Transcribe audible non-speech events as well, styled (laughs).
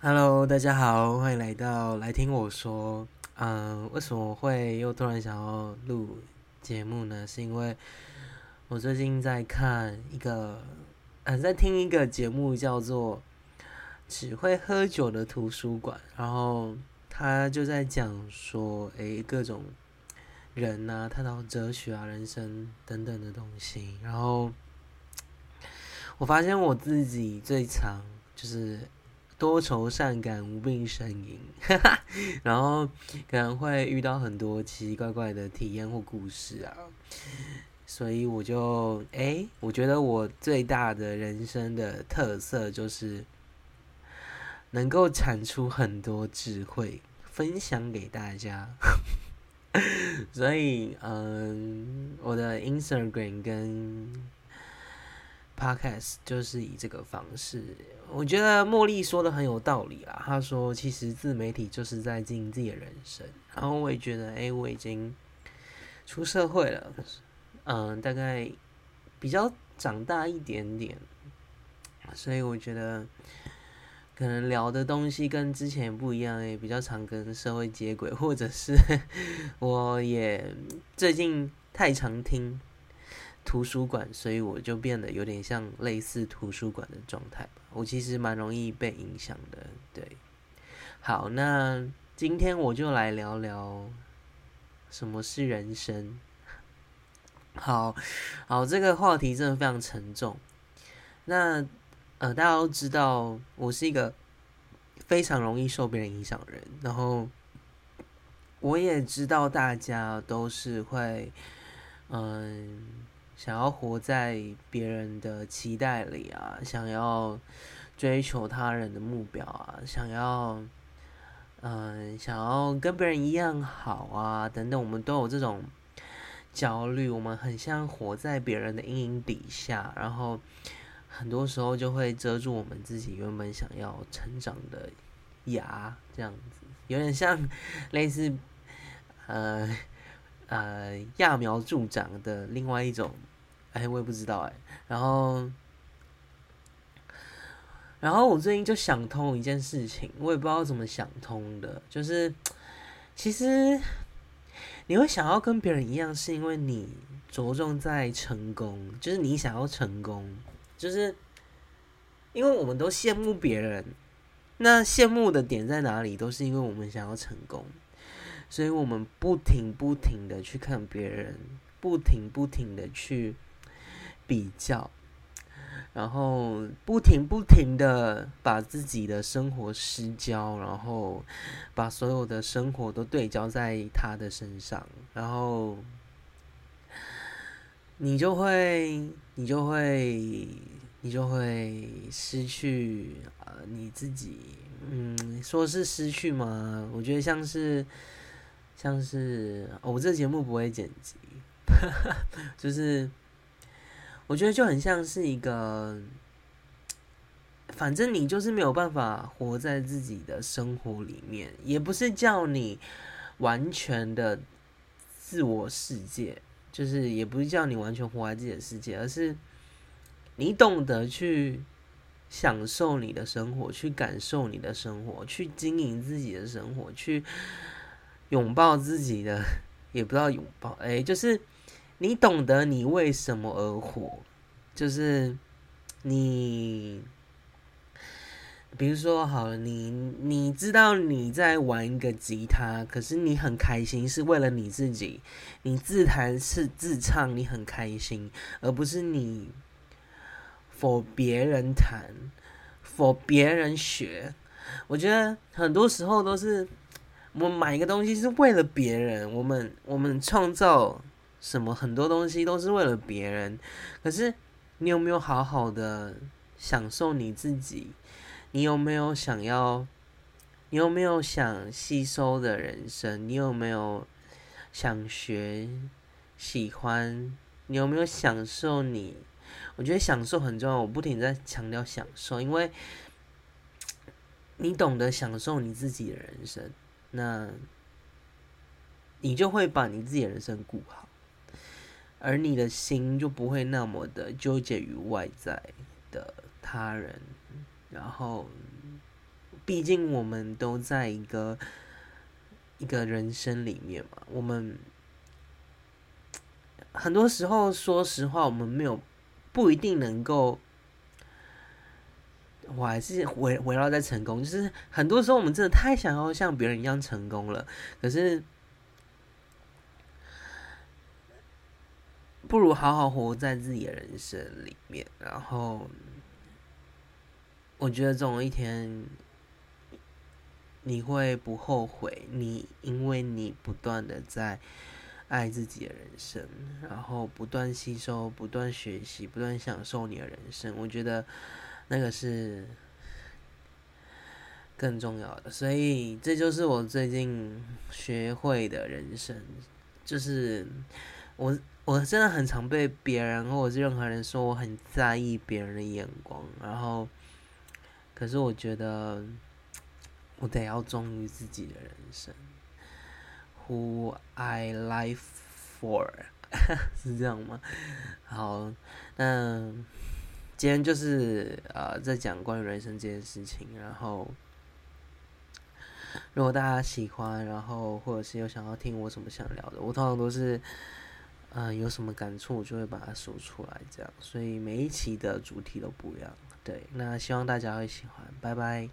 哈嘍，大家好，歡迎來到來聽我說。嗯、呃，為什麼會又突然想要錄節目呢？是因為我最近在看一個，嗯、呃，在聽一個節目叫做《只會喝酒的圖書館》，然後他就在講說，誒，各種人吶、啊，探討哲學啊、人生等等的東西。然後我發現我自己最常就是。多愁善感、無病呻吟， (laughs) 然後可能會遇到很多奇奇怪怪的體驗或故事啊，所以我就誒、欸，我覺得我最大的人生的特色就是能夠產出很多智慧，分享給大家。 (laughs) 所以，嗯，我的 Instagram 跟。Podcast 就是以這個方式，我覺得茉莉說的很有道理啊。她說，其實自媒體就是在經營自己的人生。然後我也覺得，誒，我已經出社會了，嗯，大概比較長大一點點，所以我覺得可能聊的東西跟之前不一樣。哎，比較常跟社會接軌，或者是 (laughs) 我也最近太常聽。圖書館，所以我就變得有點像類似圖書館的狀態。我其實蠻容易被影響的。對，好，那今天我就來聊聊什麼是人生。好好，這個話題真的非常沉重。那呃，大家都知道，我是一個非常容易受別人影響的人，然後我也知道大家都是會，嗯、呃。想要活在別人的期待裡啊，想要追求他人的目標啊，想要，嗯、呃，想要跟別人一樣好啊，等等，我們都有這種焦慮，我們很像活在別人的陰影底下，然後很多時候就會遮住我們自己原本想要成長的芽，這樣子，有點像類似，呃，呃，揠苗助長的另外一種。哎、欸，我也不知道哎、欸。然後，然後我最近就想通一件事情，我也不知道怎麼想通的，就是其實你會想要跟別人一樣，是因為你着重在成功，就是你想要成功，就是因為我們都羨慕別人，那羨慕的點在哪裡？都是因為我們想要成功，所以我們不停不停的去看別人，不停不停的去比較，然後不停不停的把自己的生活失焦，然後把所有的生活都對焦在他的身上，然後你就會，你就會，你就會失去啊你自己，嗯，說是失去嘛，我覺得像是，像是、哦、我這節目不會剪輯，呵呵就是。我覺得就很像是一個，反正你就是沒有辦法活在自己的生活裡面，也不是叫你完全的自我世界，就是也不是叫你完全活在自己的世界，而是你懂得去享受你的生活，去感受你的生活，去經營自己的生活，去擁抱自己的，也不知道擁抱，哎、欸，就是。你懂得，你為什麼而活，就是你，比如說好了，你你知道你在玩一個吉他，可是你很開心，是為了你自己，你自彈是自唱，你很開心，而不是你 for 別人彈，for 別人學。我覺得很多時候都是，我們買一個東西是為了別人，我們我們創造。什麼很多東西都是為了別人，可是你有沒有好好的享受你自己？你有沒有想要？你有沒有想吸收的人生？你有沒有想學？喜歡？你有沒有享受你？我覺得享受很重要，我不停在強調享受，因為你懂得享受你自己的人生，那你就會把你自己的人生顧好。而你的心就不會那麼的糾結於外在的他人，然後，畢竟我們都在一個一個人生裡面嘛。我們很多時候，說實話，我們沒有不一定能夠，我還是圍圍繞在成功，就是很多時候我們真的太想要像別人一樣成功了，可是。不如好好活在自己的人生裡面，然後我覺得總有一天你會不後悔，你因為你不斷的在愛自己的人生，然後不斷吸收、不斷學習、不斷享受你的人生，我覺得那個是更重要的。所以這就是我最近學會的人生，就是我。我真的很常被別人或者是任何人說我很在意別人的眼光，然後，可是我覺得，我得要忠於自己的人生。Who I live for， (laughs) 是這樣嗎？好，那今天就是呃在講關於人生這件事情，然後，如果大家喜歡，然後或者是有想要聽我什麼想聊的，我通常都是。啊、嗯，有什麼感觸我就會把它說出來，這樣，所以每一期的主題都不一樣。對，那希望大家會喜歡，拜拜。